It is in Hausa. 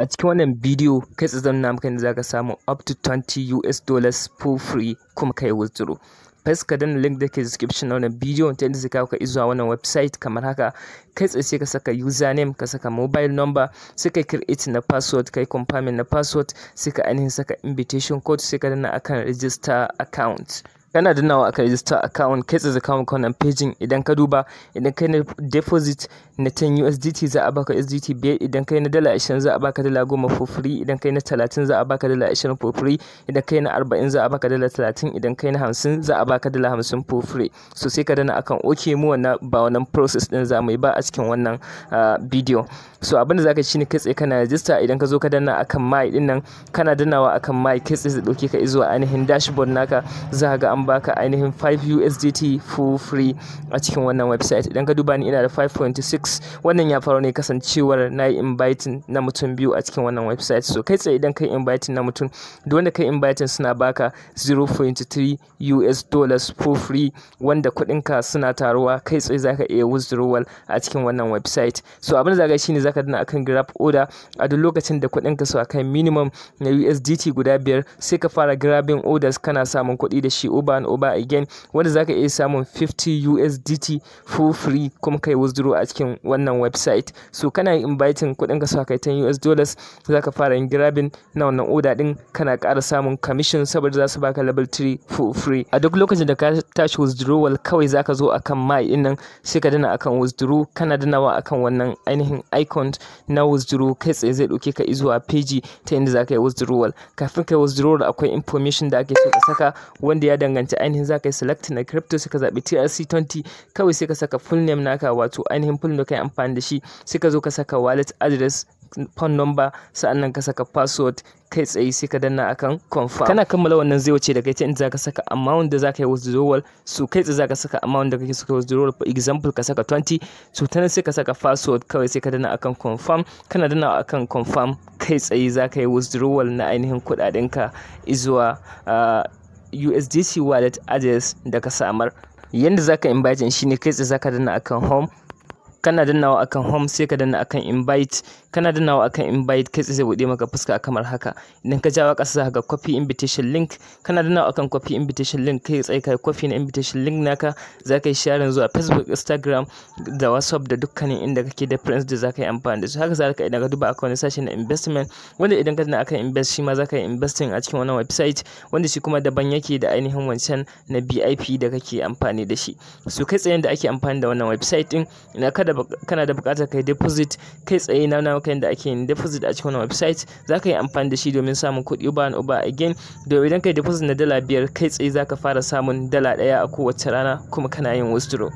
a cikin wannan bidiyo kai tsaye zan nuna maka yadda zaka samu up to 20 US dollars for free kuma kai withdraw fes ka dana link da ke description na wannan bidiyo ta yadda zai kawo ka izuwa wannan website kamar haka kai tsaye sai ka saka username ka saka mobile number sai ka create na password kai confirming na password sai ka ainihin saka invitation code sai ka dana akan register account kana da nawa aka register account kai tsaye account ka wannan pagin idan ka duba idan kai na deposit na 10 USDT za a baka USDT biyar idan kai na dala 20 za a baka dala 10 for free idan kai na 30 za a baka dala 20 for free idan kai na 40 za a baka dala 30 idan kai na 50 za a baka dala 50 for free so sai ka dana akan okay mu wannan ba wannan process din za mu yi ba a cikin wannan video so abin da zaka shine kai tsaye kana register idan ka zo ka dana akan my din nan kana danawa akan my kai tsaye zai dauke ka zuwa ainihin dashboard naka za ka ga an baka ainihin 5 USDT for free a cikin wannan website idan ka duba ni ina da 5.6 wannan ya faru ne kasancewar na yi inviting na mutum biyu a cikin wannan website so kai tsaye idan kai inviting na mutum duk wanda kai inviting suna baka 0.3 US dollars for free wanda ka suna taruwa kai tsaye zaka iya withdrawal a cikin wannan website so abin da zaka shine zaka dana akan grab order a duk lokacin da ka su akan minimum na USDT guda biyar sai ka fara grabbing orders kana samun kuɗi da shi over over and over again wanda zaka iya samun 50 USDT for free kuma kai withdraw a cikin wannan website so kana inviting kuɗin ka saka kai 10 US dollars zaka fara yin grabbing na wannan order din kana ƙara samun commission saboda za su baka level 3 for free a duk lokacin da ka tashi withdrawal kawai zaka zo akan my din nan sai ka dana akan withdraw kana danawa akan wannan ainihin icon na withdraw kai tsaye zai dauke ka zuwa page ta inda zaka yi withdrawal kafin kai withdrawal akwai information da ake so ka saka wanda ya danganta danganci ainihin za ka yi select na crypto suka zaɓi TRC20 kawai sai ka saka full name naka wato ainihin full da ka yi amfani da shi sai ka zo ka saka wallet address phone number sa'annan ka saka password kai tsaye sai ka danna akan confirm kana kammala wannan zai wuce daga ita inda zaka saka amount da zaka yi withdrawal su kai tsaye zaka saka amount da kake so kai withdrawal for example ka saka 20 su tana sai ka saka password kawai sai ka danna akan confirm kana danna akan confirm kai tsaye zaka yi withdrawal na ainihin kudaden ka zuwa ah, USDC wallet address da ka samar yanda zaka shi shine kai tsaye zaka danna akan home kana dannawa akan home sai ka danna akan invite kana dannawa akan invite kai zai bude maka fuska kamar haka idan ka jawo ƙasa za ka copy invitation link kana dannawa akan copy invitation link kai tsaye kai copy na invitation link naka za ka yi share zuwa facebook instagram da whatsapp da dukkanin inda kake da friends da za ka yi amfani da su haka ka idan ka duba akan wani sashen na investment wanda idan ka danna akan invest shi ma za ka yi investing a cikin wannan website wanda shi kuma daban yake da ainihin wancan na bip da kake amfani da shi su kai tsayen da ake amfani da wannan website din ina kada kana da buƙatar kai deposit kai tsaye na na kai yadda ake yin deposit a cikin website za ka yi amfani da shi domin samun kuɗi uba and uba again domin idan kai deposit na dala biyar kai tsaye za ka fara samun dala ɗaya a kowace rana kuma kana yin withdraw